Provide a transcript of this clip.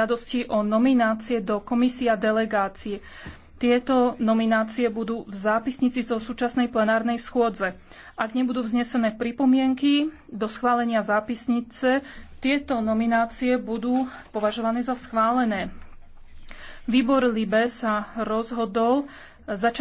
žiadosti o nominácie do komisia delegácie. Tieto nominácie budú v zápisnici zo súčasnej plenárnej schôdze. Ak nebudú vznesené pripomienky do schválenia zápisnice, tieto nominácie budú považované za schválené. Výbor Libe sa rozhodol začať